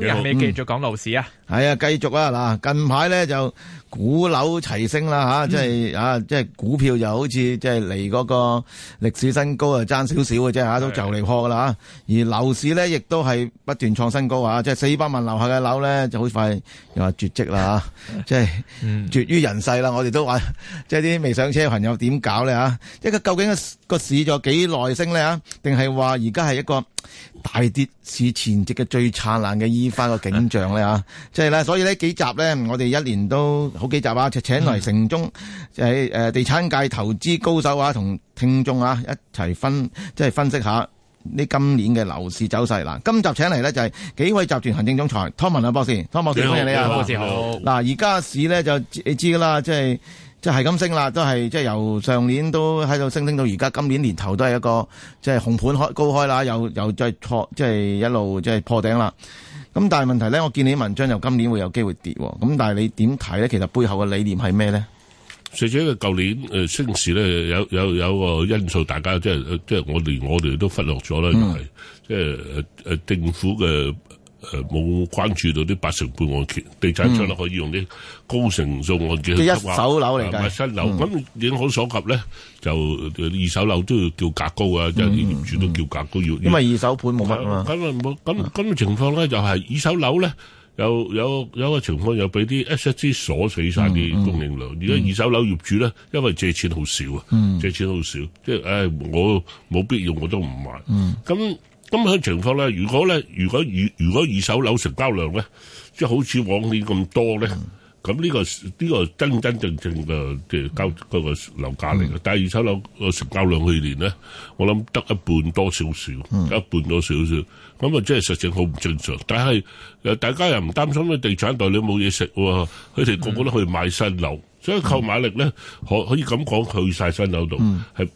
今日你繼續講樓市啊？係、嗯、啊，繼續啊！嗱，近排咧就股樓齊升啦、啊嗯、即係啊，即係股票又好似即係嚟嗰個歷史新高點點啊，爭少少嘅啫嚇，都就嚟破噶啦。而樓市咧，亦都係不斷創新高啊！即係四百萬樓下嘅樓咧，就好快又話絕跡啦嚇、嗯啊，即係絕於人世啦。我哋都話，即係啲未上車嘅朋友點搞咧嚇、啊？即係佢究竟個市咗幾耐升咧？定係話而家係一個大跌市前夕嘅最燦爛嘅煙花嘅景象咧吓，即係咧，所以呢幾集咧，我哋一年都好幾集啊！就請嚟城中就係誒地產界投資高手啊，同聽眾啊一齊分即係、就是、分析下呢今年嘅樓市走勢。嗱，今集請嚟呢就係紀惠集團行政總裁湯文亮博士，湯博士，歡迎麼麼你啊！博士好。嗱，而家市呢就你知㗎喇，即係。即係咁升啦，都係即係由上年都喺度升，升到而家，今年年頭都係一個即係紅盤開高開啦，又又再挫即係一路即係破頂啦。咁但係問題咧，我見你文章就今年會有機會跌，咁但係你點睇咧？其實背後嘅理念係咩咧？隨住個舊年誒升市咧，有有有個因素，大家即係即係我連我哋都忽略咗啦，就係即係誒誒政府嘅。誒冇關注到啲八成半按揭，地產商嚟可以用啲高成數按揭去一手樓嚟㗎，新樓，咁影響所及咧，就二手樓都要叫價高啊，有啲業主都叫價高要。因為二手盤冇乜啊嘛。咁咁咁嘅情況咧，就係二手樓咧有有有個情況，有俾啲 SSD 鎖死晒啲供應量。而家二手樓業主咧，因為借錢好少啊，借錢好少，即係誒我冇必要我都唔買。咁咁嘅情況咧，如果咧，如果二如果二手樓成交量咧，即係好似往年咁多咧，咁呢個呢個真真正正嘅即係交嗰個樓價嚟嘅。但係二手樓個成交量去年咧，我諗得一半多少少，一半多少少，咁啊即係實情好唔正常。但係誒，大家又唔擔心嘅地產代理冇嘢食喎，佢哋個個都去買新樓，所以購買力咧可可以咁講，去曬新樓度，係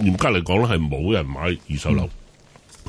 嚴格嚟講咧係冇人買二手樓。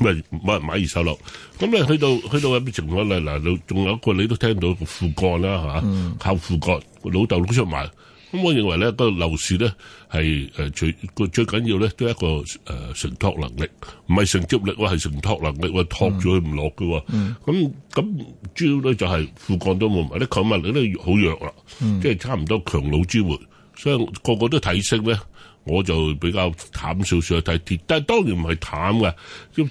唔係冇人買二手樓，咁咧去到去到有咩情況咧？嗱，仲有一個你都聽到父幹啦嚇，靠父幹老豆攞出賣。咁我認為咧，個樓市咧係誒最個最緊要咧都係一個誒承托能力，唔係承接力喎，係承托能力喎，託住佢唔落嘅喎。咁咁主要咧就係父幹都冇埋，啲購物力咧都好弱啦，即係差唔多強弩之末，所以個個都睇升咧。我就比較淡少少去睇跌，但係當然唔係淡嘅。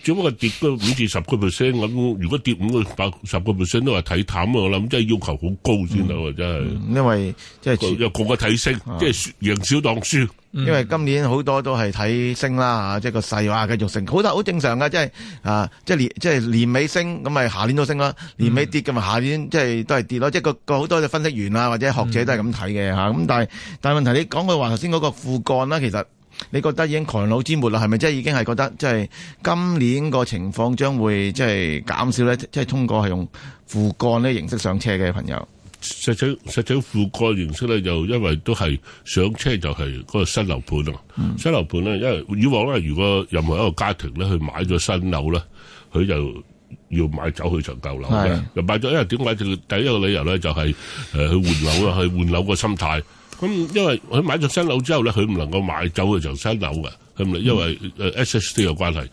只不過跌個五至十個 percent 咁，如果跌五個百十個 percent 都話睇淡啊。我諗，真係要求好高先得，嗯、真係、嗯。因為即係有個個睇升，即係、嗯、贏少當輸。因為今年好多都係睇升啦，吓、啊，即、就、係、是、個勢話、啊、繼續升，好得好正常嘅，即係啊，即、就、係、是啊就是、年即係、就是、年尾升，咁咪下年都升啦；年尾跌咁咪下年即、就、係、是、都係跌咯。即、就、係、是、個好多嘅分析員啦，或者學者都係咁睇嘅吓。咁、啊、但係但係問題，你講句話頭先嗰個父幹啦，其實你覺得已經強弩之末啦，係咪即係已經係覺得即係、就是、今年個情況將會即係、就是、減少咧？即、就、係、是、通過係用父幹呢形式上車嘅朋友。實井實井覆個形式咧，就因為都係上車就係嗰個新樓盤啊。嗯、新樓盤咧，因為以往咧，如果任何一個家庭咧去買咗新樓咧，佢就要買走佢層舊樓嘅。的又買咗，因為點解？第一個理由咧，就係誒去換樓啊，去換樓個心態。咁、嗯、因為佢買咗新樓之後咧，佢唔能夠買走佢層新樓嘅，係咪？嗯、因為誒 SSD 嘅關係。咁、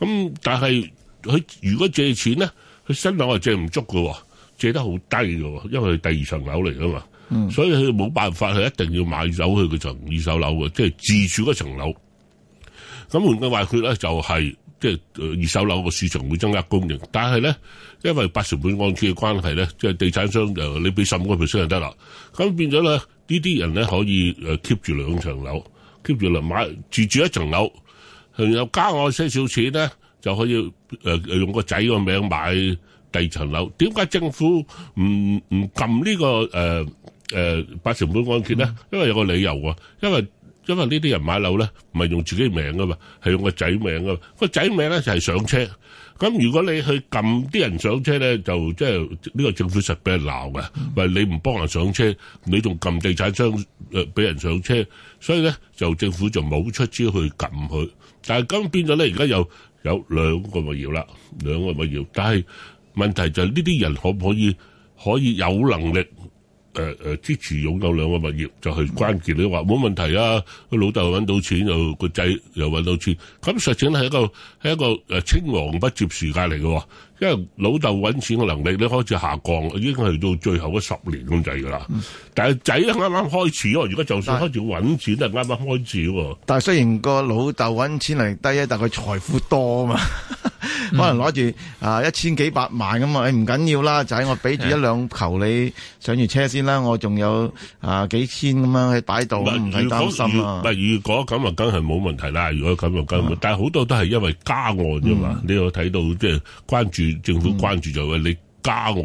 嗯、但係佢如果借錢咧，佢新樓係借唔足嘅、啊。借得好低喎，因為第二層樓嚟噶嘛，嗯、所以佢冇辦法，佢一定要買走佢嗰層二手樓嘅，即係自住嗰層樓。咁換句話佢咧，就係、是、即係二手樓個市場會增加供應，但係咧，因為八成半按揭嘅關係咧，即係地產商你俾十五個 percent 就得啦。咁變咗咧，呢啲人咧可以 keep 住兩層樓，keep 住嚟買自住，住一層樓，然後加我些少錢咧，就可以用個仔個名買。第二層樓，點解政府唔唔撳呢個誒誒、呃呃、八成半按揭咧？因為有個理由喎、啊，因為因為呢啲人買樓咧唔係用自己名噶嘛，係用個仔名噶嘛。個仔名咧就係、是、上車。咁如果你去撳啲人上車咧，就即係呢個政府實俾人鬧嘅，喂，嗯、你唔幫人上車，你仲撳地產商誒俾、呃、人上車，所以咧就政府就冇出招去撳佢。但係咁變咗咧，而家有有兩個謠啦，兩個謠，但係。問題就係呢啲人可唔可以可以有能力誒誒、呃、支持擁有兩個物業就係、是、關鍵。你話冇問題啊，個老豆揾到錢，又個仔又揾到錢，咁實情係一個係一個誒青黃不接時代嚟嘅，因為老豆揾錢嘅能力你開始下降，已經去到最後嗰十年咁滯噶啦。但係仔啱啱開始，如果就算開始揾錢都係啱啱開始。但係雖然個老豆揾錢係低一但佢財富多啊嘛。 可能攞住啊一千幾百萬咁嘛你唔緊要啦，仔我俾住一兩球你上住車先啦，我仲有啊幾千咁樣去擺度，唔使擔心啊。係如果咁啊，梗係冇問題啦。如果咁又梗但係好多都係因為加按啫嘛。你有睇到即係關注政府關注就係你加按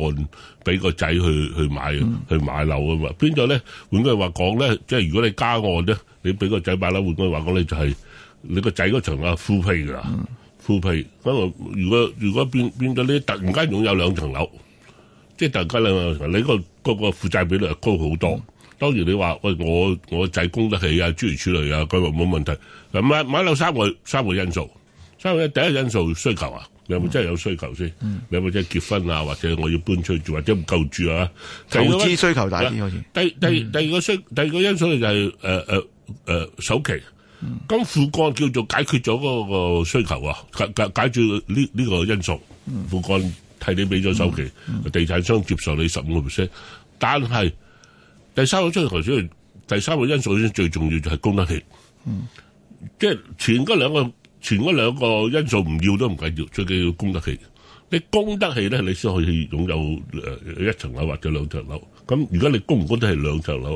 俾個仔去去買去買樓啊嘛。變咗咧？換句話講咧，即係如果你加按咧，你俾個仔買樓，換句話講你就係你個仔嗰層啊 full pay 噶啦。富皮如果如果變變到你突然間擁有兩層樓，即係突然間兩層樓，你、嗰個、嗰個負債比率高好多。當然你話喂，我我仔供得起啊，諸如此類啊，佢話冇問題。嗱，買買樓三個三個因素，三個第一個因素需求啊，你有冇真係有需求先？嗯、你有冇真係結婚啊，或者我要搬出去住，或者唔夠住啊？投資需求大啲好似。第第第二個需第二個因素就係誒誒誒首期。咁父幹叫做解決咗嗰個需求啊，解解解決呢呢個因素，父幹替你俾咗首期，地產商接受你十五個 percent，但係第三個需求先，第三個因素先最重要就係供得起，即係前嗰兩個前嗰兩個因素唔要都唔緊要，最緊要供得起。你供得起咧，你先可以擁有誒一層樓或者兩層樓。咁而家你供唔供得係兩層樓？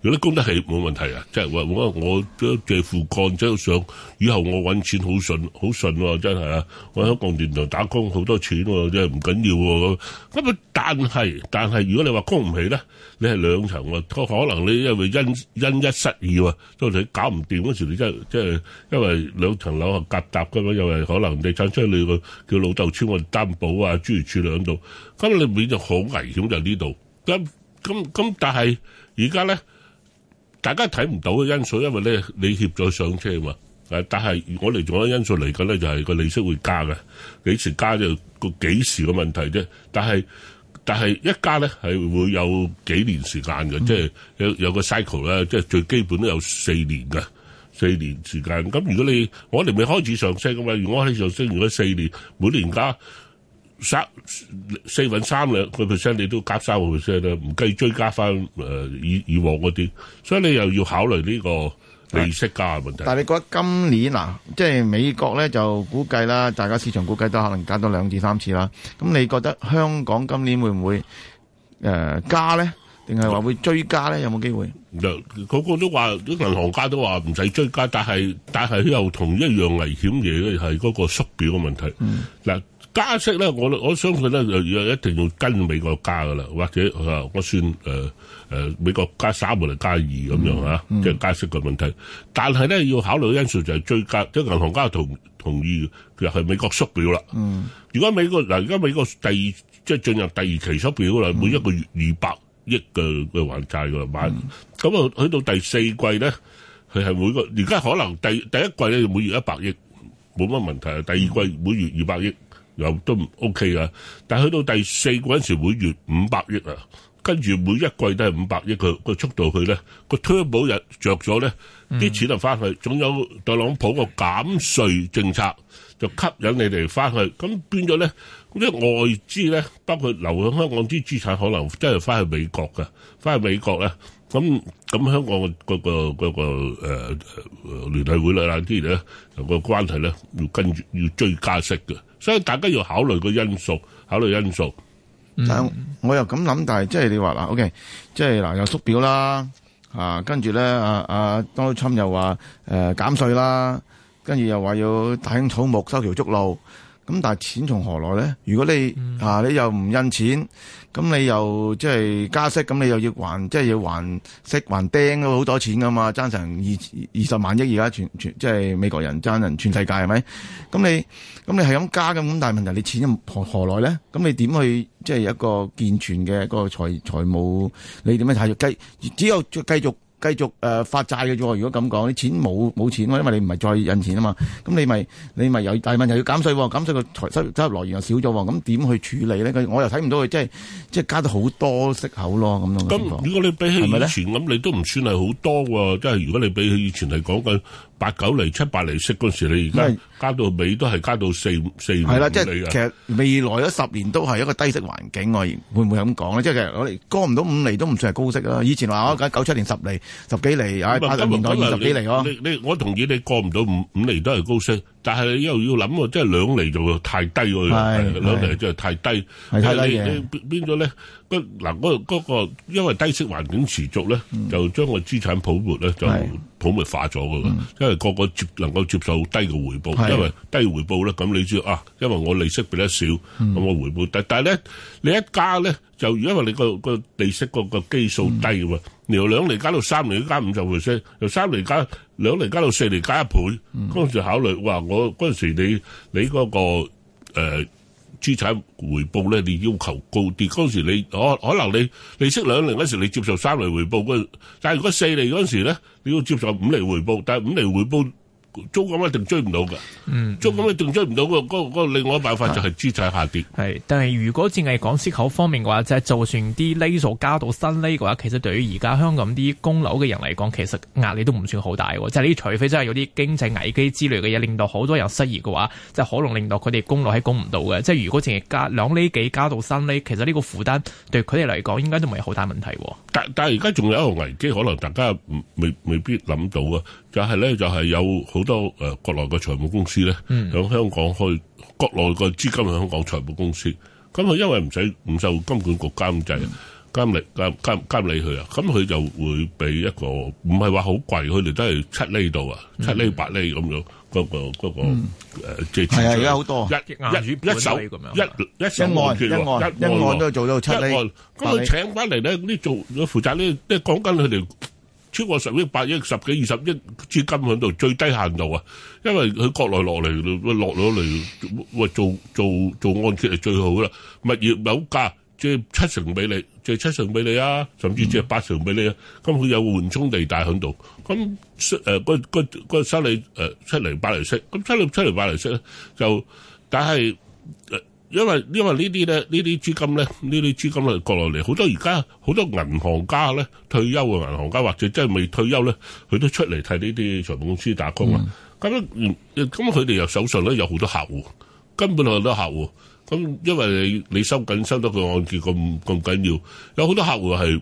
如果你供得起冇問題啊，即係我我我借父幹即係想以後我揾錢好順好順喎、啊，真係啊！我喺香港電台打工好多錢喎，即係唔緊要喎咁。咁但係但係如果你話供唔起咧，你係兩層喎，可能你因為因因一失意喎，即係搞唔掂嗰時你真係即係因為兩層樓係夾搭㗎嘛，又係可能你產出你個叫老豆村我擔保啊，諸如諸兩度，咁你變就好危險就呢度咁。咁咁，但係而家咧，大家睇唔到嘅因素，因為咧你協助上車啊嘛。誒，但係我哋仲有一因素嚟緊咧，就係個利息會加嘅。幾時加就個幾時嘅問題啫。但係但係一加咧係會有幾年時間嘅，即係有有個 cycle 咧，即係最基本都有四年嘅，四年時間。咁如果你我哋未開始上升嘅嘛，如果係上升，如果四年每年加。三四分三兩個 percent，你都加三個 percent 咧，唔計追加翻誒以以往嗰啲，所以你又要考慮呢個利息加嘅問題。但係你覺得今年嗱，即係美國咧就估計啦，大家市場估計都可能加多兩至三次啦。咁你覺得香港今年會唔會誒加咧？定係話會追加咧？有冇機會？嗱、嗯，嗰、嗰個人都話啲銀行家都話唔使追加，但係但係又同一樣危險嘢嘅係嗰個縮表嘅問題。嗱、嗯。加息咧，我我相信咧，就一定要跟美國加噶啦，或者我算誒、呃呃、美國加三毫嚟加二咁樣即係、mm hmm. 啊就是、加息嘅問題。但係咧，要考慮嘅因素就係追加，即、就、係、是、銀行家同同意，佢、就、係、是、美國縮表啦。Mm hmm. 如果美國嗱，而家美國第二即係、就是、進入第二期縮表啦，mm hmm. 每一個月二百億嘅嘅還債㗎嘛。咁啊，去、mm hmm. 嗯、到第四季咧，佢係每個而家可能第第一季咧，每月一百億冇乜問題，第二季每月二百億。又都唔 O K 噶，但係去到第四季嗰陣時，每月五百億啊，跟住每一季都係五百億，佢個速度去咧，個推保日着咗咧，啲錢就翻去。仲有特朗普個減稅政策就吸引你哋翻去，咁變咗咧，啲外資咧，包括流向香港啲資產，可能真係翻去美國嘅，翻去美國咧，咁咁香港、嗰個、嗰個、嗰個個聯、呃、聯繫匯率啦啲咧，嗰個關係咧要跟住要追加息嘅。所以大家要考慮個因素，考慮因素。嗯、但我又咁諗，但係即係你話嗱，OK，即係嗱，有縮表啦，啊，跟住咧，阿多春又話誒、呃、減稅啦，跟住又話要大興草木，修橋築路。咁但係錢從何來咧？如果你、嗯、啊，你又唔印錢，咁你又即係、就是、加息，咁你又要還即係、就是、要還息還釘好多錢噶嘛？爭成二二十萬億而家全全，全，全即係美國人爭人全世界係咪？咁你咁你係咁加咁，但係問題你錢何何來咧？咁你點去即係、就是、一個健全嘅一、那個財財務？你點樣繼續繼？只有繼續。繼續誒發債嘅啫喎，如果咁講，你錢冇冇錢喎，因為你唔係再印錢啊嘛，咁你咪你咪有，大問題又要減稅喎，減稅個財收入來源又少咗喎，咁點去處理咧？佢我又睇唔到佢即係即係加得好多息口咯，咁樣咁。如果你比起以前咁，吧你都唔算係好多喎，即係如果你比起以前嚟講嘅。八九厘、七八厘息嗰時，你而家加到尾都係加到四四。係啦，即係其實未來嗰十年都係一個低息環境，我會唔會咁講咧？即係其實我哋過唔到五厘都唔算係高息啦。以前話我九七年十厘、十幾厘啊，八十年代二十幾厘咯。你你我同意你過唔到五五厘都係高息，但係你又要諗，即係兩厘就太低喎。係兩厘真係太低，係太低嘢。邊邊咗咧？嗱嗰，嗰個因為低息環境持續咧，就將個資產泡沫咧就泡沫化咗噶啦，因為個個接能夠接受低嘅回報，因為低回報咧，咁你知啊，因為我利息俾得少，咁我回報低，但係咧你一加咧就因為你個個利息個個基數低嘅嘛，由兩厘加到三厘，加五十 percent，由三厘加兩厘加到四厘加一倍，嗰陣時考慮哇，我嗰陣時你你嗰個誒。資產回報咧，你要求高啲。嗰時你，我可能你利息兩厘，嗰時，你接受三厘回報嗰陣，但係如果四厘嗰時咧，你要接受五厘回報，但係五厘回報。租金一定追唔到噶、嗯，嗯，租金一定追唔到嘅。嗰、那個、另外一辦法就係資產下跌。係，但係如果淨係講息口方面嘅話，就係就算啲釐數加到新釐嘅話，其實對於而家香港啲供樓嘅人嚟講，其實壓力都唔算好大。即、就、係、是、你除非真係有啲經濟危機之類嘅嘢，令到好多人失業嘅話，即係可能令到佢哋供樓係供唔到嘅。即、就、係、是、如果淨係加兩釐幾加到新釐，其實呢個負擔對佢哋嚟講，應該都唔係好大問題。但但係而家仲有一個危機，可能大家未未必諗到啊。就係咧，就係有好多誒國內嘅財務公司咧，響香港開國內嘅資金響香港財務公司，咁佢因為唔使唔受金管局監制、監理、監監監理佢啊，咁佢就會俾一個唔係話好貴，佢哋都係七釐度啊，七釐八釐咁樣嗰個嗰個誒借錢。係啊，而家好多一億鴨主，一手一一案，一案都做到七釐。咁佢請翻嚟咧，呢做負責呢，即係講緊佢哋。超過十億、百億、十幾、二十億資金喺度，最低限度啊！因為佢國內落嚟，落咗嚟喂做做做按揭係最好啦、啊。物業樓價借七成俾你，借七成俾你啊，甚至借八成俾你啊。咁佢有緩衝地帶喺度，咁誒個個收你誒七釐、呃、八釐息，咁七釐七釐八釐息咧就，但係誒。呃因為因為呢啲咧，資金呢啲資金咧，呢啲資金係國內嚟，好多而家好多銀行家咧，退休嘅銀行家，或者真係未退休咧，佢都出嚟替呢啲財務公司打工啊。咁樣咁佢哋又手上咧有好多客戶，根本好多客戶。咁因為你收緊收到個案件咁咁緊要，有好多客戶係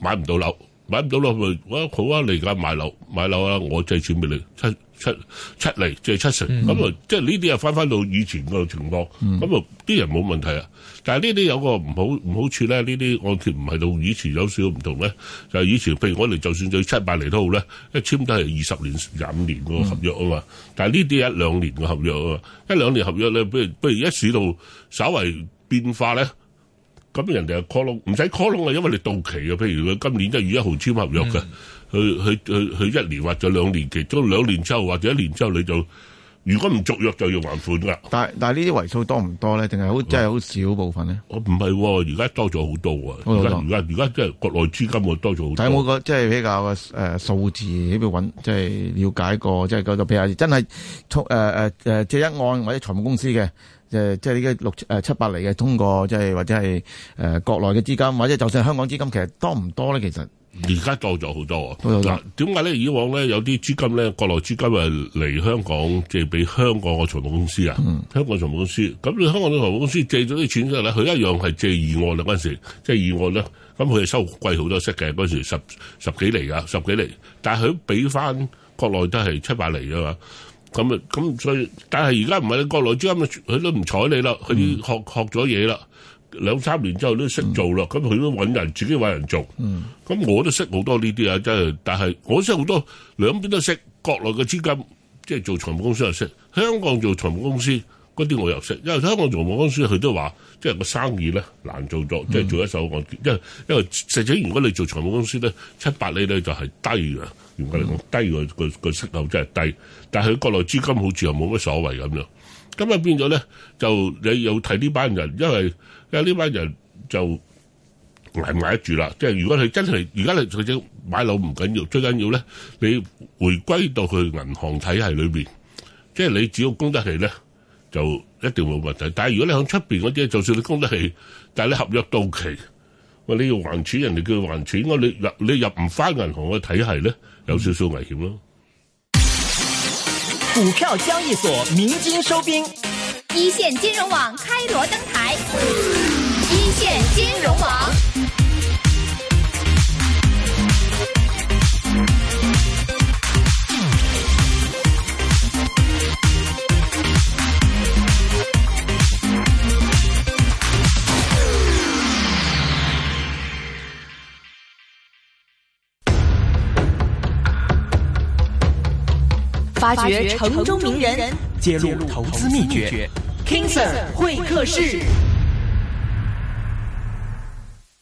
買唔到樓，買唔到樓咪哇好啊，你而家買樓買樓啊我借錢轉俾你。出七嚟即係七成咁啊、嗯！即係呢啲又翻翻到以前個情況，咁啊啲人冇問題啊。但係呢啲有個唔好唔好處咧，呢啲按揭唔係到以前有少少唔同咧。就係、是、以前，譬如我哋就算最七八厘都好咧，一簽都係二十年、廿五年個合約啊嘛。嗯、但係呢啲一兩年個合約啊嘛，一兩年合約咧，不如不如一市道稍為變化咧，咁人哋就 call 窿唔使 call 窿啊，因為你到期啊。譬如佢今年一月一號簽合約嘅。嗯去去去去一年或者兩年期，到兩年之後或者一年之後你就，如果唔續約就要還款噶。但係但係呢啲為數多唔多咧？定係好真係好少部分咧？我唔係，而家多咗好多啊！而家而家而家即係國內資金會多咗好多。但係我覺得，即係、就是、比較誒、呃、數字起邊揾，即係、就是、了解過，即係嗰度譬如係真係通誒誒借一按或者財務公司嘅。即係即係呢個六誒七,七八厘嘅通過，即係或者係誒、呃、國內嘅資金，或者就算香港資金，其實多唔多咧？其實而家多咗好多，多，多啊！嗱，點解咧？以往咧有啲資金咧，國內資金啊嚟香港借俾、就是、香港嘅存款公司啊，嗯、香港存款公司咁，你香港嘅存款公司借咗啲錢之後咧，佢一樣係借二按啦嗰陣時，即係二按咧，咁佢收貴好多息嘅嗰陣時，十十幾厘啊，十幾厘，但係佢俾翻國內都係七八厘啊嘛。咁啊，咁所以，但係而家唔係國內資金佢都唔睬你啦，佢啲學學咗嘢啦，兩三年之後都識做啦，咁佢都搵人，自己搵人做。咁、嗯、我都識好多呢啲啊，真係，但係我識好多兩邊都識，國內嘅資金即係、就是、做財務公司又識，香港做財務公司。嗰啲我又識，因為香港財務公司佢都話，即係個生意咧難做咗，即係做一手按揭、mm. 因為因為實際如果你做財務公司咧，七八厘咧就係、是、低嘅，嚴格嚟講，低個個個息口真係低。但係佢國內資金好似又冇乜所謂咁樣，咁啊變咗咧就你又睇呢班人，因為因呢班人就捱唔捱得住啦。即係如果佢真係而家你實際買樓唔緊要，最緊要咧你回歸到佢銀行體系裏面，即係你只要供得起咧。就一定冇問題，但係如果你響出邊嗰啲，就算你供得起，但係你合約到期，喂你要還錢，人哋叫佢還錢，我你，你入你入唔翻銀行嘅體系咧，有少少危險咯。股票交易所鳴金收兵，一線金融網開鑼登台，嗯、一線金融網。挖掘城中名人，揭露投資秘訣。King Sir 會客室。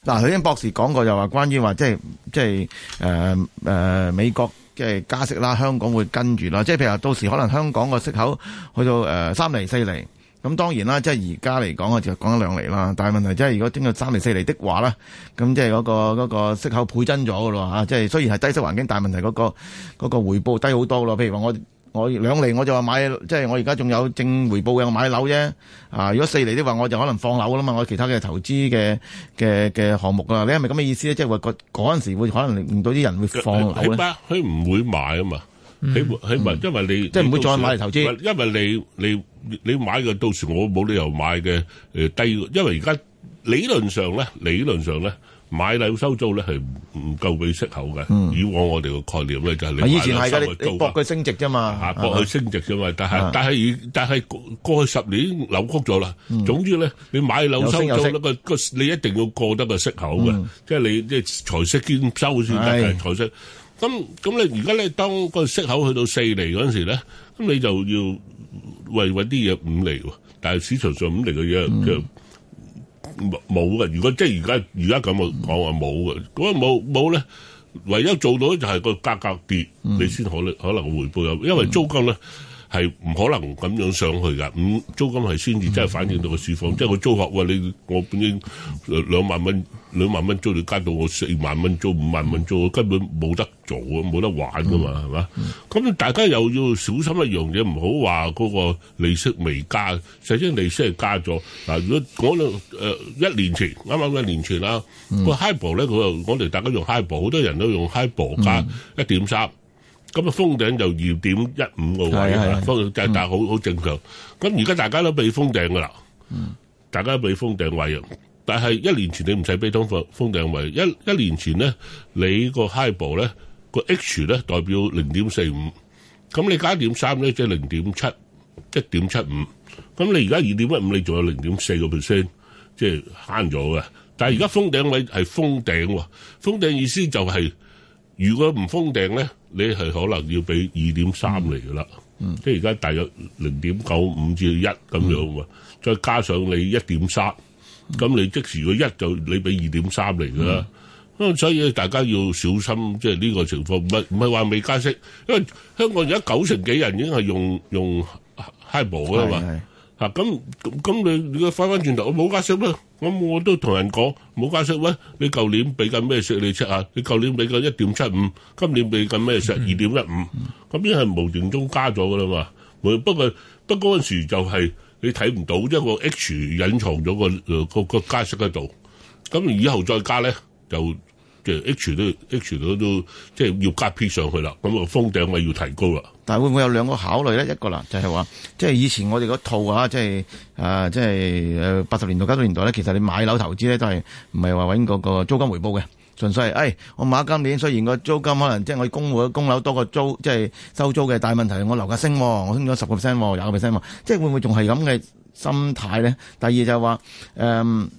嗱、啊，頭先博士講過，就話關於話即係即係誒誒，美國即係加息啦，香港會跟住啦，即係譬如話到時可能香港個息口去到誒、呃、三厘四厘。咁當然啦，即係而家嚟講啊，我就講咗兩釐啦。但係問題即係如果經過三釐四釐的話咧，咁即係嗰個嗰個息口倍增咗嘅咯嚇。即係雖然係低息環境，但係問題嗰個嗰個回報低好多咯。譬如話我我兩釐，我就話買，即係我而家仲有正回報嘅我買樓啫。啊，如果四釐的話，我就可能放樓啦嘛。我其他嘅投資嘅嘅嘅項目啦。你係咪咁嘅意思咧？即係話嗰嗰陣時會可能令到啲人會放樓？佢唔會買啊嘛。起起碼，因為你即係唔會再買嚟投資。唔係，因為你你你買嘅，到時我冇理由買嘅誒低。因為而家理論上咧，理論上咧買樓收租咧係唔唔夠俾息口嘅。以往我哋個概念咧就係你買樓收租。以前係㗎，你你博佢升值啫嘛。嚇，博佢升值啫嘛。但係但係但係過去十年扭曲咗啦。總之咧，你買樓收租咧個個，你一定要過得個息口嘅，即係你即係財息兼收先得嘅財息。咁咁你而家你當個息口去到四釐嗰陣時咧，咁你就要為揾啲嘢五釐喎，但係市場上五釐嘅嘢就冇冇㗎。如果即係而家而家咁講話冇嘅，嗰個冇冇咧，唯一做到就係個價格跌，你先可能可能個回報有，因為租金咧。係唔可能咁樣上去噶咁、嗯、租金係先至真係反映到個市況。嗯嗯、即係佢租客話你，我本應兩萬蚊，兩萬蚊租，你加到我四萬蚊租，五萬蚊租，我根本冇得做啊，冇得玩噶嘛，係嘛，嗯？咁、嗯嗯、大家又要小心一樣嘢，唔好話嗰個利息未加，實際利息係加咗嗱。如果講誒、呃、一年前，啱啱一年前啦，嗯、個 HIBOR 呢，咧，佢又我哋大家用 HIBOR，好多人都用 HIBOR 加一點三，咁啊封頂就二點一五個位，封但係好好正常。咁而家大家都被封頂噶啦，嗯、大家都被封頂位。但係一年前你唔使被通封封頂位，一一年前咧，你個 HIBOR 咧個 H 咧代表零點四五，咁你加一點三咧即係零點七，一點七五。咁你而家二點一五，你仲有零點四個 percent，即係慳咗嘅。但係而家封頂位係封頂，封頂意思就係、是。如果唔封頂咧，你係可能要俾二點三嚟噶啦，嗯、即係而家大約零點九五至一咁樣啊，嗯、再加上你一點三，咁你即時個一就你俾二點三嚟噶啦，嗯、所以大家要小心，即係呢個情況唔係唔係話未加息，因為香港而家九成幾人已經係用用 HIBOR 嘛。是是嗱，咁咁你如果翻翻轉頭，我冇加息咩？我我都同人講冇加息咩？你舊年俾緊咩息？你 check 下，你舊年俾緊一點七五，今年俾緊咩息？二點一五，咁已係無形中加咗噶啦嘛。不過不過嗰陣時就係你睇唔到一、即係、個 H 隱藏咗個、呃、個個加息喺度，咁以後再加咧就。即係 H 都 H 都都即係要加 P 上去啦，咁啊封頂啊要提高啦。但係會唔會有兩個考慮呢？一個啦就係、是、話，即係以前我哋嗰套啊，即係啊、呃，即係八十年代、九十年代咧，其實你買樓投資咧都係唔係話揾嗰個租金回報嘅，純粹係誒、哎、我買今年，雖然個租金可能即係我公戶供樓多過租，即係收租嘅，大問題我樓價升，我升咗十個 percent、廿個 percent 喎，即係會唔會仲係咁嘅心態呢？第二就係、是、話、嗯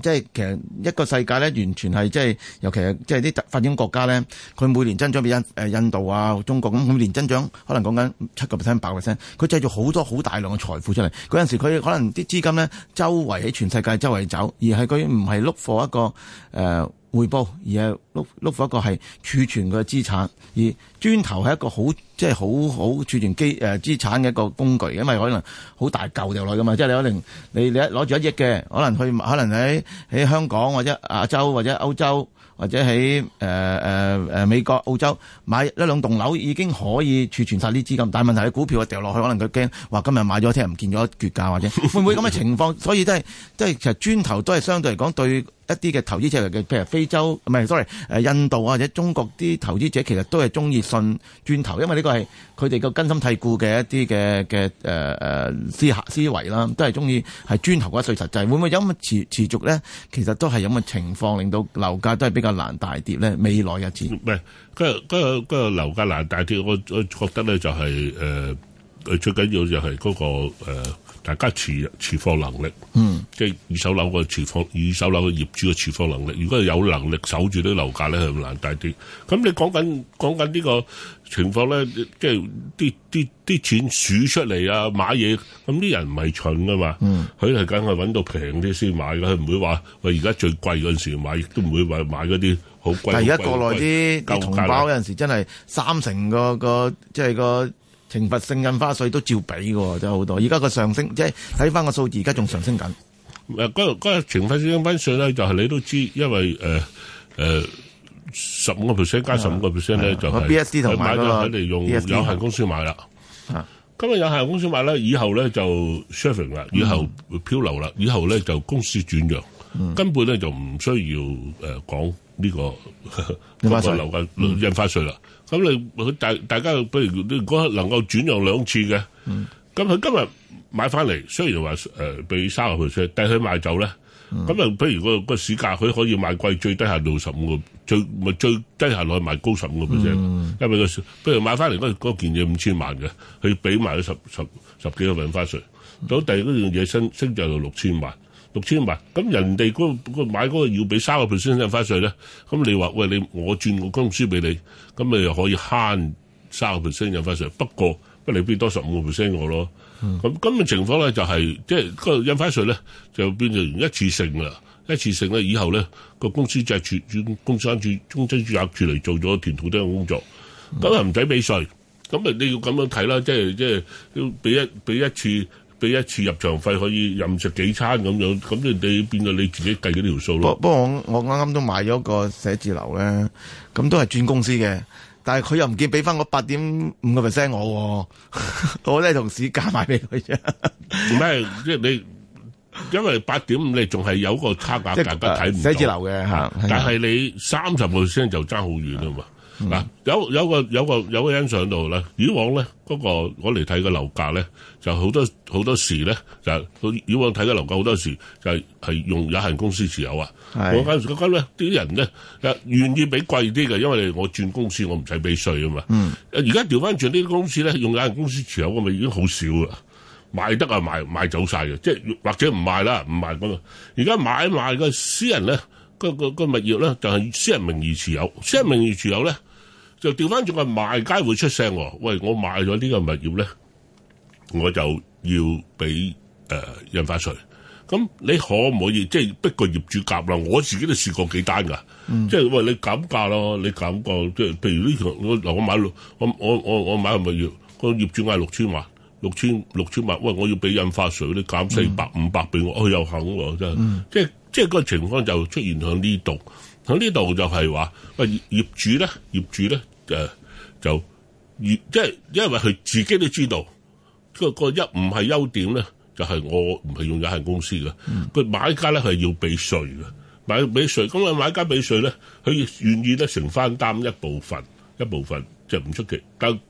即係其實一個世界咧，完全係即係，尤其係即係啲發展國家咧，佢每年增長 percent，誒印度啊、中國咁，每年增長可能講緊七個 percent、八個 percent，佢製造好多好大量嘅財富出嚟。嗰陣時佢可能啲資金咧，周圍喺全世界周圍走，而係佢唔係碌貨一個誒。呃回報，而係碌碌一個係儲存嘅資產，而磚頭係一個好即係好好儲存基誒資、呃、產嘅一個工具，因為可能好大嚿掉落去嘛，即係你可能你你攞住一億嘅，可能去可能喺喺香港或者亞洲或者歐洲或者喺誒誒誒美國澳洲買一兩棟樓已經可以儲存晒啲資金，但係問題係股票啊掉落去，可能佢驚話今日買咗聽日唔見咗，跌價或者會唔會咁嘅情況？ 所以都係都係其實磚頭都係相對嚟講對。一啲嘅投資者嘅，譬如非洲唔係 sorry，誒印度、啊、或者中國啲投資者其實都係中意信磚頭，因為呢個係佢哋嘅根深蒂固嘅一啲嘅嘅誒誒思思維啦，都係中意係磚頭嘅最實際。會唔會有咁持持續咧？其實都係有咁嘅情況令到樓價都係比較難大跌咧？未來日子唔係，嗰個嗰個嗰個樓價難大跌，我我覺得咧就係誒最緊要就係嗰個誒大家持持貨能力，嗯、即係二手樓個持貨，二手樓嘅業主嘅持貨能力。如果係有能力守住啲樓價咧，係難大啲。咁你講緊講緊呢個情況咧，即係啲啲啲錢儲出嚟啊，買嘢。咁啲人唔係蠢噶嘛，佢係梗係揾到平啲先買。佢唔會話喂，而家最貴嗰陣時買，亦都唔會話買嗰啲好貴。而家國內啲啲貴同胞有陣時真係三成個個即係個。就是個懲罰性印花稅都照俾喎，真係好多。而家個上升即係睇返個數字，而家仲上升緊。誒、嗰個，嗰、嗰個嗰個懲罰性印花稅咧，就係、係、你都知，因為誒誒十五個 percent 加十五個 percent 咧，就係 BSD 買咗，佢哋用有限公司買啦。今日有限公司買咧、嗰個，以後咧就 sharing 啦，以後漂流啦，以後咧就公司轉讓。嗯、根本咧就唔需要誒講呢個印花樓嘅印花稅啦。咁、嗯、你佢大大家譬如你如果能夠轉讓兩次嘅，咁佢、嗯、今日買翻嚟，雖然就話誒俾三十個 percent 但係佢賣走咧，咁啊、嗯，譬如個個市價佢可以賣貴最低下六十五個最咪最低下落去賣高十五個 percent 啫因為個譬如買翻嚟嗰嗰件嘢五千萬嘅，佢俾埋咗十十十幾個印花稅，到、嗯、第二嗰樣嘢升升就到六千萬六千萬咁人哋嗰個嗰買嗰個要俾三個 percent 印花稅咧，咁你話喂你我轉個公司俾你，咁咪又可以慳三個 percent 印花稅。不過不你變多十五個 percent 我咯。咁咁嘅情況咧就係、是、即係個印花稅咧就變成一次性喇，一次性咧以後咧個公司就係轉轉工商轉工商註冊處嚟做咗填土地嘅工作，咁係唔使俾稅。咁咪你要咁樣睇啦，即係即係要俾一俾一次。俾一次，入場費可以任食幾餐咁樣，咁你你變咗你自己計幾條數咯。不過我我啱啱都買咗個寫字樓咧，咁都係轉公司嘅，但係佢又唔見俾翻我八點五個 percent 我，我都、啊、同市價買俾佢啫。做咩？即係你因為八點五你仲係有個差價格，即大家睇唔寫字樓嘅嚇，但係你三十個 percent 就爭好遠啊嘛。嗱、嗯，有有個有個有個人上到咧，以往咧嗰，那個我嚟睇嘅樓價咧，就好多好多時咧，就以往睇嘅樓價好多時就係，是，用有限公司持有啊。我陣時嗰間咧啲人咧，願意俾貴啲嘅，因為我轉公司我唔使俾稅啊嘛。嗯，而家調翻轉啲公司咧用有限公司持有，咁咪已經好少啦。賣得啊賣賣走晒嘅，即係或者唔賣啦，唔賣咁。而家買賣嘅私人咧，個個個物業咧就係，是，私人名義持有，私人名義持有咧，就調翻轉個賣家會出聲喎，喂！我買咗呢個物業咧，我就要俾誒、呃、印花稅。咁你可唔可以即係逼個業主夾啦？我自己都試過幾單噶，嗯、即係喂你減價咯，你減個即係譬如呢場，嗱我，我，我，我買六，我我我我買個物業，個業主嗌六千萬，六千六千萬，喂我要俾印花稅，你減四百五百俾我，佢、嗯哦、又肯喎，真係、嗯，即係即係個情況就出現喺呢度，喺呢度就係話喂業主咧，業主咧。業主呢業主呢誒、呃，就即係，因為佢自己都知道，個個一唔係優點咧，就係、是、我唔係用有限公司嘅，佢、嗯、買家咧係要畀稅嘅，買畀稅，咁啊買家畀稅咧，佢願意咧承翻擔一部分，一部分就唔、是、出奇，但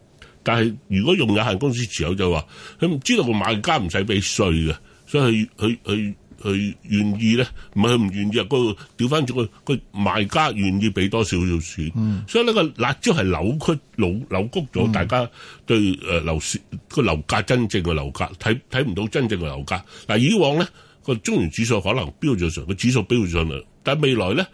但係如果用有限公司持有就話，佢唔知道個買家唔使畀稅嘅，所以佢佢佢。他他佢願意咧，唔係佢唔願意啊！個調翻轉佢個賣家願意俾多少少錢，嗯、所以呢個辣招係扭曲、扭扭曲咗、嗯、大家對誒、呃、樓市個樓價真正嘅樓價，睇睇唔到真正嘅樓價。嗱、啊，以往咧個中原指數可能標著上，個指數標著上，但係未來咧，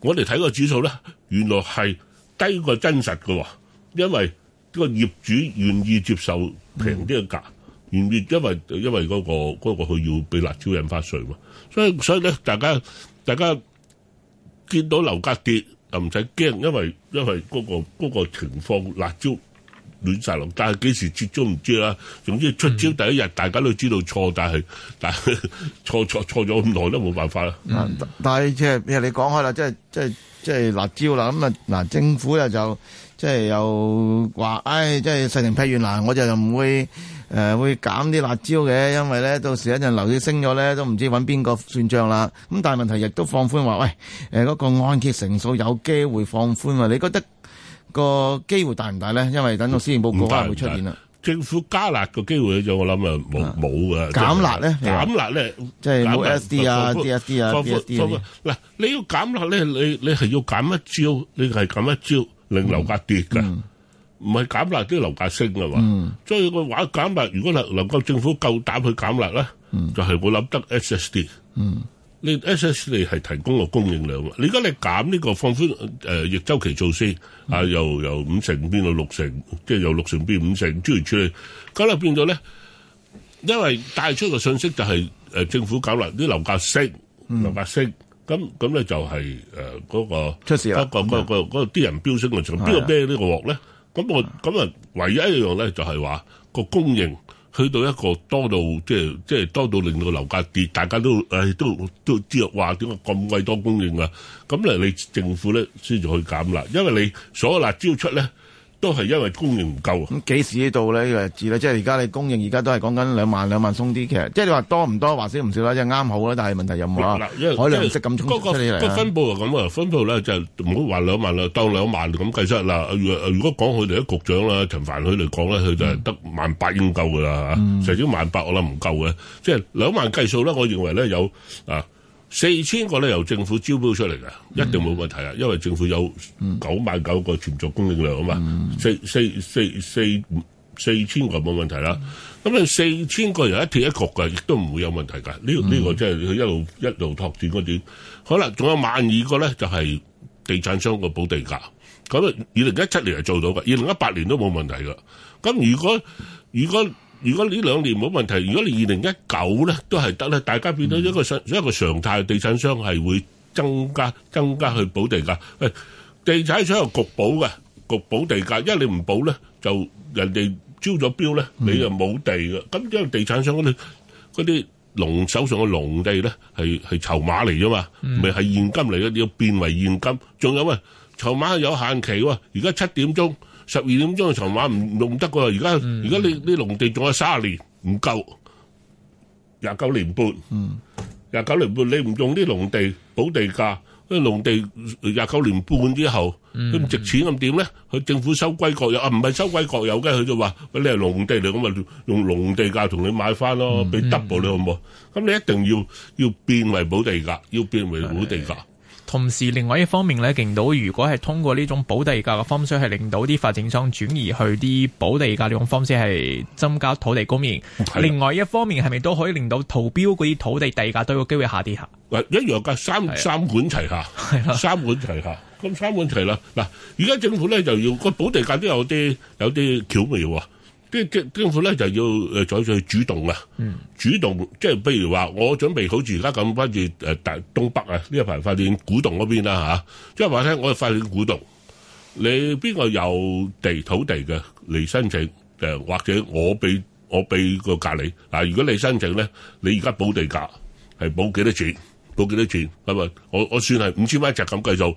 我哋睇個指數咧，原來係低過真實嘅，因為個業主願意接受平啲嘅價。嗯。因因因為因為嗰個嗰個佢要俾辣招印花稅嘛，所以所以咧大家大家見到樓價跌，又唔使驚，因為因為嗰個嗰個情況辣招亂晒龍，但係幾時撤都唔知啦。總之出招第一日，大家都知道錯，但係但係錯錯錯咗咁耐都冇辦法啦、嗯。但係即係你講開啦，即係即係即係辣招啦，咁啊嗱，政府又就即係又話，唉、就是，即、哎、係、就是、世情批完啦，我就唔會。誒、呃，會減啲辣椒嘅，因為咧，到時一陣樓市升咗咧，都唔知揾邊個算賬啦。咁但係問題亦都放寬話，喂，誒、呃，嗰、那個按揭成數有機會放寬啊？你覺得個機會大唔大咧？因為等到施政報告可能會出現啦。政府加辣個機會，我諗啊冇冇啊。減辣咧？減辣咧？即係 SSD 啊，dsd 啊，BSD。嗱，你要減辣咧，你你係要減一招，你係減一招令樓價跌噶。嗯嗯唔係減辣啲樓價升啊嘛，所以個話減辣，如果樓能夠政府夠膽去減辣咧，就係會諗得 S S D。你 S S D 係提供個供應量。你而家你減呢個放寬誒逆周期措施，啊又由五成變到六成，即係由六成變五成，諸如此類，咁咧變咗咧，因為帶出個信息就係誒政府減辣啲樓價升，樓價升，咁咁咧就係誒嗰個出事啦。嗰個嗰個嗰個啲人飆升嘅，就邊個孭呢個鑊咧？咁我咁啊，唯一一樣咧就係話個供應去到一個多到即係即係多到令到樓價跌，大家都誒都都知道話點解咁鬼多供應啊？咁你政府咧先至去以減辣，因為你所有辣招出咧。都係因為供應唔夠啊！咁幾、嗯、時到咧？又字咧，即係而家你供應，而家都係講緊兩萬兩萬鬆啲嘅，即係你話多唔多，話少唔少啦，即係啱好啦。但係問題有冇因嗱為、啊，因為即係咁，個咁個分布係咁啊，分布咧就唔好話兩萬啦，當兩萬咁計數。啦如果講佢哋啲局長啦、陳凡佢嚟講咧，佢就係得、嗯、萬八應夠噶啦吓，至少萬八我諗唔夠嘅。即係兩萬計數咧，我認為咧有啊。四千個咧由政府招標出嚟嘅，一定冇問題㗎！因為政府有九萬九個潛在供應量啊嘛，四四四四四千個冇問題啦。咁你四千個由一鐵一局嘅，亦都唔會有問題㗎。呢、呢、呢個即係佢一路一路拓展嗰段。好啦，仲有萬二個咧，就係地產商個補地價。咁啊，二零一七年就做到㗎，二零一八年都冇問題㗎。咁如果如果如果呢兩年冇問題，如果你二零一九咧都係得咧，大家變到一個常一個常態，地產商係會增加增加去補地價。誒，地產商係焗補嘅，焗補地價，因為你唔補咧，就人哋招咗標咧，你就冇地嘅。咁因為地產商嗰啲嗰啲農手上嘅農地咧，係係籌碼嚟啫嘛，咪係現金嚟嘅，你要變為現金。仲有啊，籌碼係有限期喎，而家七點鐘。十二點鐘嘅籌碼唔用唔得噶，而家而家你啲農地仲有卅年唔夠廿九年半，廿九年半你唔用啲農地補地價，因農地廿九年半之後都唔值錢咁點咧？佢政府收歸國有啊？唔係收歸國有嘅，佢就話你係農地嚟，咁咪用農地價同你買翻咯，俾 double 你好唔好？咁你一定要要變為補地價，要變為補地價。同時，另外一方面咧，令到如果係通過呢種補地價嘅方式，係令到啲發展商轉移去啲補地價呢種方式，係增加土地供應。的另外一方面係咪都可以令到圖標嗰啲土地地價都有機會下跌下？一樣噶，三的三管齊下，三管齊下，咁三管齊啦。嗱，而家政府咧就要個補地價都有啲有啲巧妙喎。跟政府咧就要再採取主動啊，嗯、主動即係譬如話，我準備好似而家咁翻住大東北啊，呢一排發展古洞嗰邊啦嚇，即係話聽我哋發展古洞，你邊個有地土地嘅嚟申請、呃、或者我俾我俾個價你、啊、如果你申請咧，你而家補地價係補幾多，多錢？補幾多錢係咪？我我算係五千蚊一呎咁計數。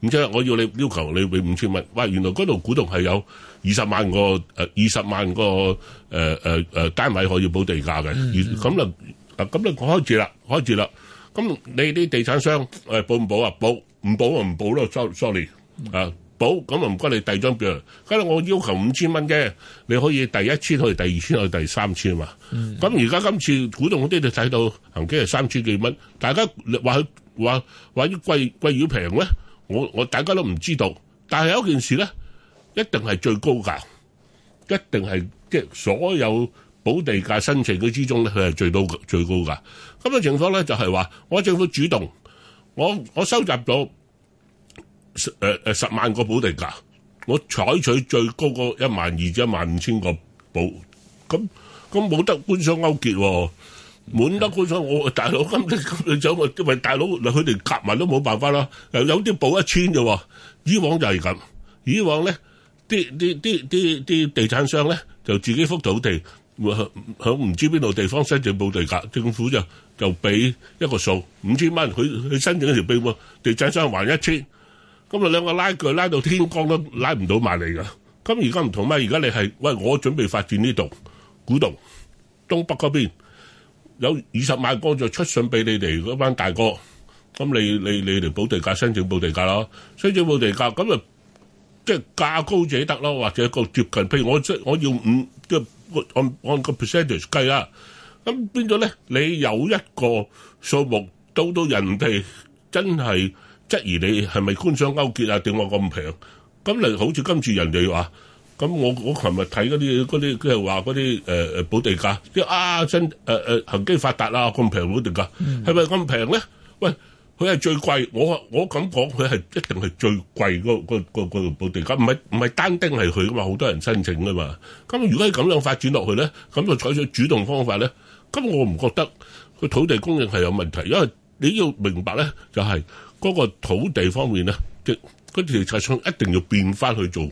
唔即我要你要求你俾五千蚊，喂，原來嗰度股東係有二十萬個誒，二十萬個誒誒誒單位，可以補地價嘅，咁、mm hmm. 就啊咁就開始啦，開始啦。咁你啲地產商誒補唔補啊？補唔補就唔補咯，sorry sorry 啊，補咁啊唔該你遞張表。跟住我要求五千蚊啫，你可以第一千去，第二千去，第二千第三千嘛。咁而家今次股東嗰啲你睇到行基係三千幾蚊，大家話佢話話要貴，貴要平咩？我我大家都唔知道，但係有件事咧，一定係最高噶，一定係即係所有保地價申請嘅之中咧，佢係最高最高噶。咁嘅情況咧，就係話我政府主動，我我收集咗十誒誒十萬個保地價，我採取最高個一萬二至一萬五千個保，咁咁冇得官商勾結啊。滿得嗰種，我大佬今次今次就咪咪大佬，佢哋夾埋都冇辦法啦。又有啲補一千啫。以往就係咁。以往咧，啲啲啲啲啲地產商咧就自己幅土地喺喺唔知邊度地方申請補地價，政府就就俾一個數五千蚊。佢佢申請一條地，地產商還一千，咁啊兩個拉鋸拉到天光都拉唔到埋嚟噶。咁而家唔同咩？而家你係喂，我準備發展呢度古洞東北嗰邊。有二十萬個就出信俾你哋嗰班大哥，咁你你你嚟補地價，申請補地價咯，申請補地價，咁啊，即係價高者得咯，或者個接近，譬如我即係我要五即係按按個 percentage 計啦，咁邊度咧？你有一個數目到到人哋真係質疑你係咪官商勾結啊？點解咁平？咁你好似今次人哋話。咁、嗯、我我琴日睇嗰啲嗰啲即係話嗰啲誒誒補地價，即係啊真誒誒恆基發達啦，咁平補地價，係咪咁平咧？喂，佢係最貴，我我咁講，佢係一定係最貴嗰個嗰個嗰個補地價，唔係唔係單丁係佢噶嘛，好多人申請噶嘛。咁如果係咁樣發展落去咧，咁就採取主動方法咧。咁我唔覺得佢土地供應係有問題，因為你要明白咧，就係、是、嗰個土地方面咧，即係嗰條政策一定要變翻去做。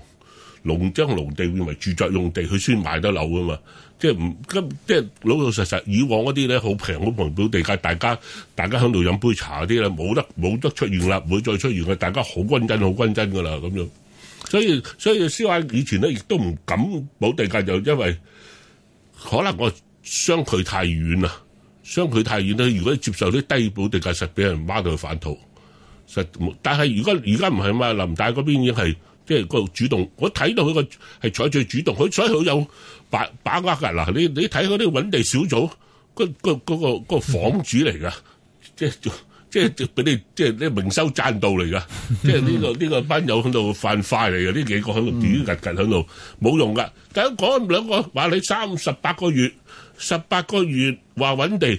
農將農地變為住宅用地，佢先買得樓噶嘛？即係唔即係老老實實，以往嗰啲咧好平好平，保地價，大家大家響度飲杯茶啲呢，冇得冇得出現啦，唔會再出現嘅，大家好均真好均真噶啦咁樣。所以所以先話以前咧，亦都唔敢保地價，就因為可能我相距太遠啦，相距太遠咧，如果接受啲低保地價，實俾人孖到去反套，實。但係如果而家唔係嘛，林大嗰邊已經係。即係個主動，我睇到佢個係採取主動，佢所以佢有把把握㗎。嗱，你你睇嗰啲揾地小組，嗰個、嗰個嗰個嗰房主嚟㗎， 即係即係俾你即係你明修棧道嚟㗎，即係呢、這個呢、這個班友喺度犯法嚟㗎，呢幾個喺度吊吊拮拮喺度冇用㗎。但一講兩個話你三十八個月，十八個月話揾地。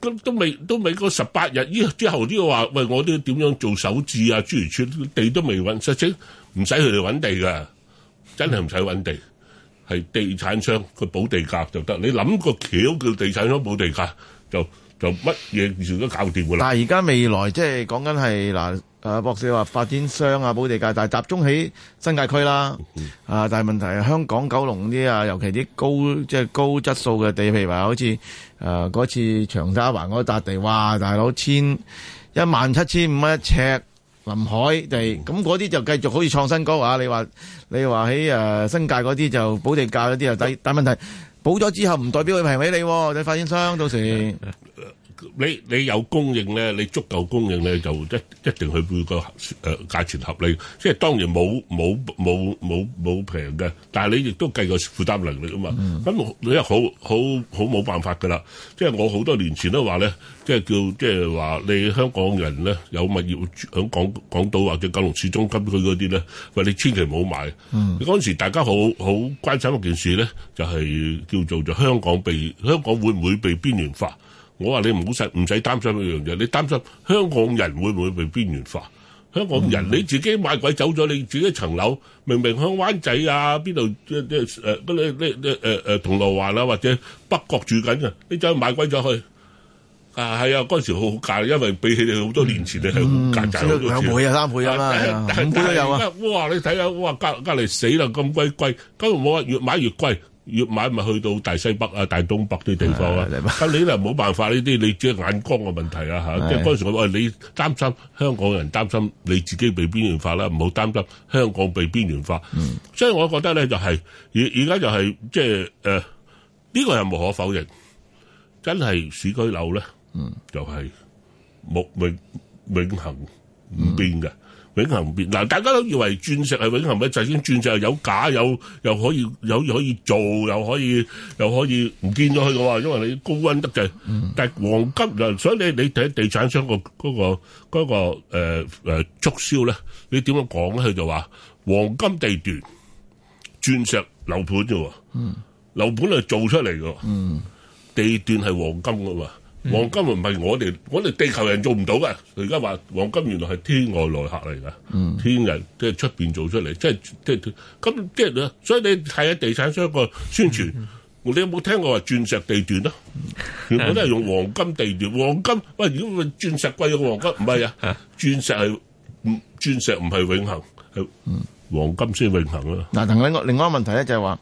咁都未都未嗰十八日呢之後都要話，喂！我都要點樣做首置啊？朱如村地都未揾，實質唔使佢哋揾地㗎，真係唔使揾地，係地產商佢補地價就得。你諗個橋叫地產商補地價，就就乜嘢全部都搞掂噶啦。但係而家未來即係講緊係嗱，啊博士話發展商啊補地價，但係集中喺新界區啦啊！但係問題係香港九龍啲啊，尤其啲高即係高質素嘅地，譬如話好似。誒，嗰、呃、次長沙灣嗰笪地，哇！大佬千一萬七千五蚊一尺臨海地，咁嗰啲就繼、是、續可以創新高啊！你話你話喺誒新界嗰啲就補地價嗰啲又抵，但係問題補咗之後唔代表佢平俾你，嗯哦、你發展商到時。 你你有供應咧，你足夠供應咧，就一一定去配個誒價錢合理。即係當然冇冇冇冇冇平嘅，但係你亦都計個負擔能力啊嘛。咁、嗯、你又好好好冇辦法噶啦。即係我好多年前都話咧，即係叫即係話你香港人咧，有物業響港港島或者九龍市中心區嗰啲咧，喂，你千祈唔好買。嗰陣、嗯、時大家好好關心一件事咧，就係、是、叫做就香港被香港會唔會被邊緣化？我話你唔好使，唔使擔心呢樣嘢。你擔心香港人會唔會被邊緣化？香港人你自己買鬼走咗，你自己層樓，明明向灣仔啊，邊度即即誒？不你你你誒誒銅鑼灣啦，或者北角住緊啊，你走去買貴咗去啊？係啊，嗰陣時好好價，因為比起你好多年前，你係好價。兩倍啊，三倍啊嘛，五倍有啊！哇，你睇下，哇，隔隔離死啦，咁鬼貴，今日我話越買越貴。要買咪去到大西北啊，大東北啲地方啊。咁你咧冇辦法呢啲，你只係眼光嘅問題啊嚇。即係嗰陣時我話你擔心香港人擔心你自己被邊緣化啦，唔好擔心香港被邊緣化。所以我覺得咧就係而而家就係即係誒呢個又無可否認，真係市區樓咧就係永永永恆唔變嘅。永恆不變嗱，大家都以為鑽石係永恆嘅，就係因為鑽石係有假，有又可以有可以做，又可以又可以唔見咗佢嘅嘛。因為你高溫得滯，但係黃金就，所以你你睇地產商個嗰個嗰個誒誒促銷咧，你點樣講咧？佢就話黃金地段鑽石樓盤啫，喎，樓盤係做出嚟嘅，地段係黃金嘅嘛。黃金唔係我哋，我哋地球人做唔到嘅。而家話黃金原來係天外來客嚟㗎，嗯、天人即係出邊做出嚟，即係即係咁即係。所以你睇喺地產商個宣傳，嗯、你有冇聽過話鑽石地段啊？原本、嗯、都係用黃金地段，黃金喂，如、哎、果鑽石貴過黃金，唔係啊，啊鑽石？鑽石係鑽石唔係永恆，係。嗯。黃金先永恆咯。嗱，另外另外一個問題咧就係話，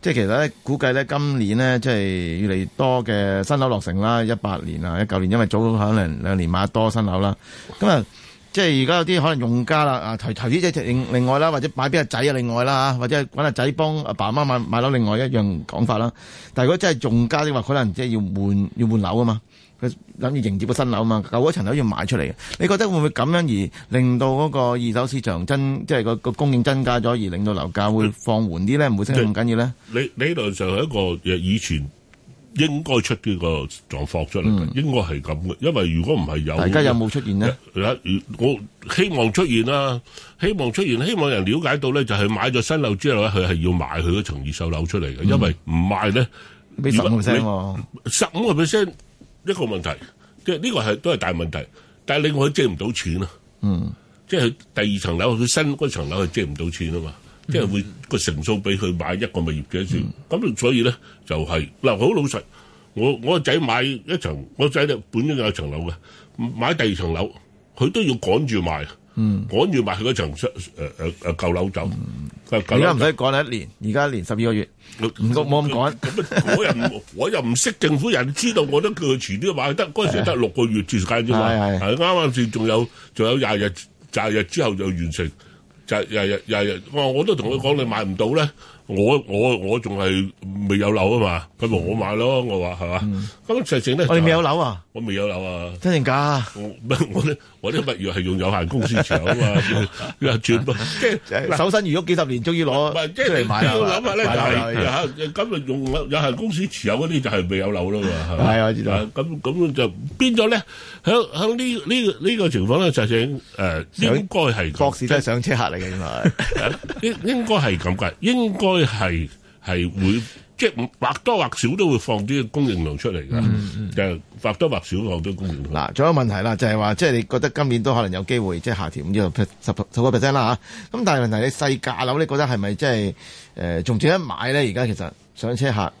即係其實咧估計咧今年咧即係越嚟越多嘅新樓落成啦，一八年啊，一九年因為早可能兩年買得多新樓啦。咁啊哇，即係而家有啲可能用家啦，啊投投資者另另外啦，或者買俾阿仔啊另外啦，或者揾阿仔幫阿爸媽買買樓另外一樣講法啦。但係如果真係用家的話，你話可能即係要換要換樓啊嘛。佢諗住迎接個新樓嘛，舊嗰層樓要賣出嚟嘅。你覺得會唔會咁樣而令到嗰個二手市場增，即係個供應增加咗，而令到樓價會放緩啲咧？唔、嗯、會升咁緊要咧？理理論上係一個以前應該出呢個狀況出嚟，嗯、應該係咁嘅。因為如果唔係有，而家有冇出現呢？我希望出現啦、啊，希望出現，希望人了解到咧，就係買咗新樓之後咧，佢係要賣佢嗰層二手樓出嚟嘅。嗯、因為唔賣咧，俾十五 percent，十五個 percent。一個問題，即係呢個係都係大問題，但係另外借唔到錢咯、啊。嗯，即係第二層樓，佢新嗰層樓係借唔到錢啊嘛，嗯、即係會個成數俾佢買一個物業嘅住。咁、嗯、所以咧就係、是、嗱，好老實，我我個仔買一層，我個仔本身有一層樓嘅，買第二層樓，佢都要趕住賣。嗯，趕住買佢嗰層誒誒誒舊樓走，而家唔使趕啦一年，而家一年十二個月，唔冇咁趕。我又我又唔識政府人我知道，我都叫佢遲啲買得，嗰陣時得六個月住時間啫嘛。係啱啱先仲有仲有廿日廿日，之後就完成，就廿日廿日，我都同佢講，你買唔到咧，我我我仲係未有樓啊嘛，咁咪我買咯，我話係嘛，咁咧。我哋未有樓啊。我未有樓啊！真定假？我咩？我咧，我啲物業係用有限公司持有啊嘛，一轉不即係守身如玉幾十年，終於攞。即係你要諗下咧，就係今日，用有限公司持有嗰啲就係未有樓咯嘛，係嘛？係我知道。咁咁就變咗咧，喺喺呢呢呢個情況咧，就正誒，應該係博士都係上車客嚟嘅。原來應應該係咁噶，應該係係會。即係或多或少都會放啲供應量出嚟嘅，就或多或少放啲供應量。嗱，仲有問題啦，就係話即係你覺得今年都可能有機會即係下調，呢個十個 percent 啦吓，咁但係問題你細價樓，你覺得係咪即係誒仲值得買咧？而家其實上車客。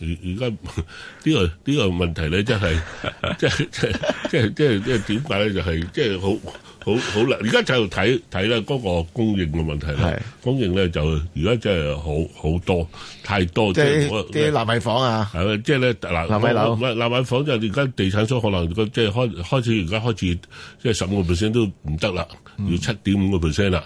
而而家呢個呢個問題咧，真係即係即係即係即係即係點解咧？就係即係好好好難。而家就睇睇咧嗰個供應嘅問題啦。的供應咧就而家真係好好多太多。即係是即啲納米房啊。係即係咧，嗱，納米樓唔係納米房就，就而家地產商可能即係開開始而家開始，即係十五個 percent 都唔得啦，要七點五個 percent 啦。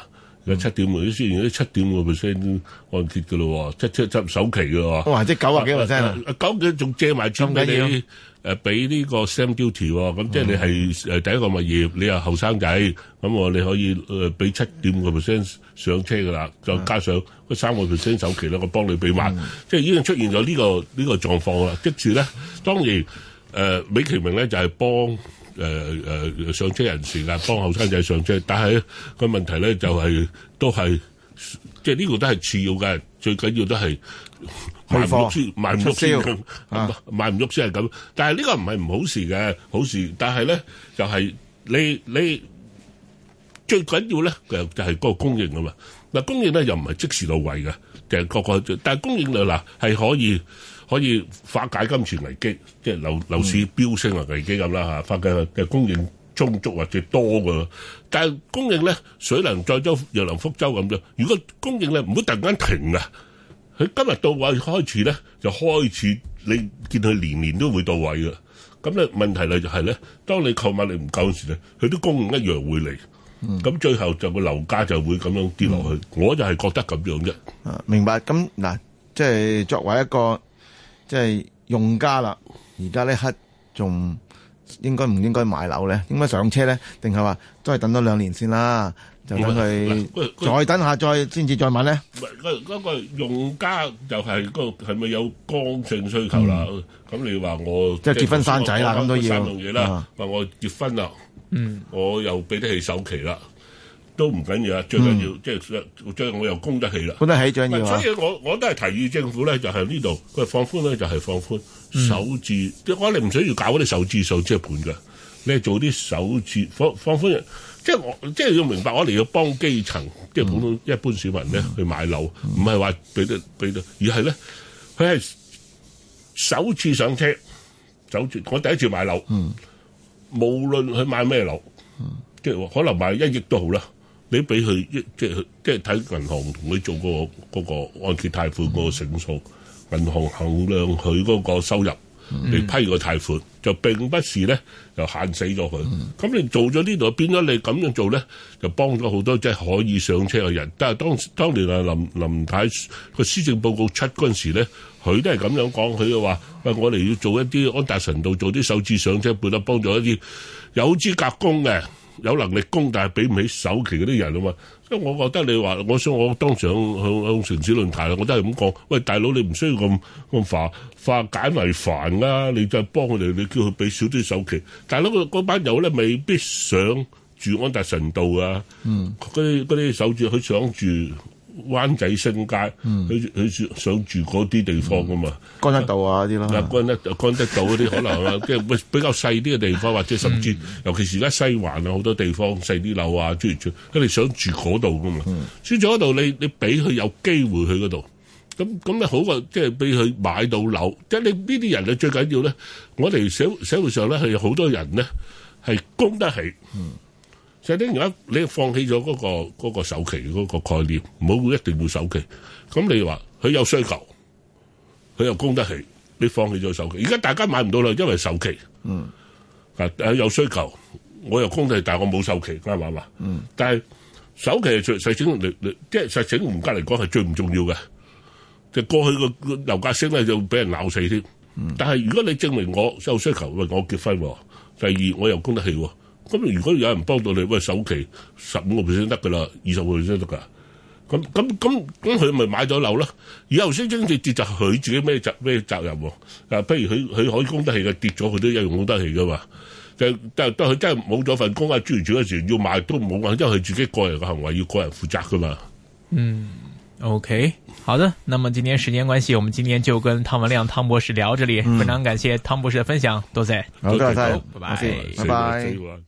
七點，雖然啲七點個 percent 按揭㗎咯，七七七首期㗎喎，或者九啊幾 percent 啊，咁佢仲借埋錢俾你，誒俾呢個 stamp duty 喎，咁即係你係誒第一個物業，你又後生仔，咁我你可以誒俾七點個 percent 上車㗎啦，再加上個三個 percent 首期咧，我幫你俾埋，即係已經出現咗呢個呢個狀況啦。跟住咧，當然誒美其名咧就係幫。誒誒、呃，上車人士啊，幫後生仔上車，但係個問題咧就係、是、都係，即係呢個都係次要嘅，最緊要都係賣唔喐先，賣唔喐先賣唔喐先係咁。但係呢個唔係唔好事嘅，好事，但係咧就係、是、你你最緊要咧就係嗰個供應啊嘛。嗱供應咧又唔係即時到位嘅，定係個個但係供應量嗱係可以。可以化解金錢危機，即係樓樓市飆升嘅危機咁啦嚇。化解嘅供應充足或者多㗎，但係供應咧水能載舟，又能覆舟咁樣。如果供應咧唔會突然間停啊，佢今日到位開始咧就開始，你見佢年年都會到位㗎。咁咧問題咧就係咧，當你購買力唔夠時咧，佢啲供應一樣會嚟，咁最後就會樓價就會咁樣跌落去。我就係覺得咁樣啫。啊，明白。咁嗱，即係作為一個。即係用家啦，而家呢刻仲應該唔應該買樓咧？應該上車咧，定係話都係等多兩年先啦，再去再等下再先至再問咧。唔係嗰個用家就係嗰個係咪有剛性需求啦？咁、嗯、你話我即係結婚生仔啦、啊，咁都要啦。話、啊、我結婚啦，嗯，我又俾得起首期啦。都唔緊要，、嗯、要啊！最緊要即係，最我又供得起啦。供得起最緊要。所以我，我我都係提議政府咧，就係呢度佢放寬咧，就係放寬首係、嗯、我哋唔需要搞嗰啲首置數即係盤噶，你係做啲首置放放人。即係我即係要明白，我哋要幫基層、嗯、即係普通一般市民咧、嗯、去買樓，唔係話俾得俾得。而係咧佢係首次上車，首次我第一次買樓，嗯、無論佢買咩樓，嗯、即係可能買一億都好啦。你俾佢即係即係睇銀行同你做、那個嗰、那個按揭貸款嗰個成數，嗯、銀行衡量佢嗰個收入你、嗯、批個貸款，就並不是咧就限死咗佢。咁、嗯、你做咗呢度，變咗你咁樣做咧，就幫咗好多即係、就是、可以上車嘅人。但係當，當年啊林林太個施政報告出嗰陣時咧，佢都係咁樣講，佢話，喂、哎，我哋要做一啲安達臣道做啲首置上車，配合幫咗一啲有資格工嘅。有能力供但係俾唔起首期嗰啲人啊嘛，所以我覺得你話我想我當時向、向，向城市論壇我都係咁講，喂，大佬你唔需要咁咁化化簡為繁啊，你真係幫佢哋，你叫佢俾少啲首期。大佬嗰、嗰班友咧未必想住安達臣道啊，嗰啲嗰啲守住佢想住。灣仔新街，佢佢想住嗰啲地方噶嘛？干、嗯、德道啊啲咯，嗱得干得到啲，啊、 可能啦，即係比較細啲嘅地方，或者甚至，嗯、尤其是而家西環啊，好多地方細啲樓啊，中意住，跟住想住嗰度噶嘛？先住嗰度，你你俾佢有機會去嗰度，咁咁咪好過即係俾佢買到樓。即、就、係、是、你，你呢啲人咧最緊要咧，我哋社社會上咧係好多人咧係供得起。嗯。就係咧，你放棄咗嗰、嗰個嗰、嗰個、首期嗰、嗰個概念，唔好一定要首期。咁你話佢有需求，佢又供得起，你放棄咗首期。而家大家買唔到啦，因為首期。嗯。啊有需求，我又供得起，但我冇首期啱話嘛。嗯。但係首期係最，實整嚟嚟，即係實整唔間嚟講係最唔重要嘅。就係、過去個個樓價升咧，就俾人鬧死添。嗯。但係如果你證明我有需求，我結婚。第二，我又供得起。咁如果有人幫到你，喂首期十五個 percent 得噶啦，二十個 percent 得噶。咁咁咁咁佢咪買咗樓咯？以後先經濟跌就佢自己咩責咩責任喎？嗱，不如佢佢可以供得起嘅跌咗佢都有用供得起噶嘛？就就都真係冇咗份工啊，住嘅時候要賣都冇，因為佢自己個人嘅行為要個人負責噶嘛。嗯，OK，好的，那麼今天時間關係，我們今天就跟湯文亮湯博士聊這裡，嗯、非常感謝湯博士的分享，多謝，好，多謝，多謝拜拜，拜拜。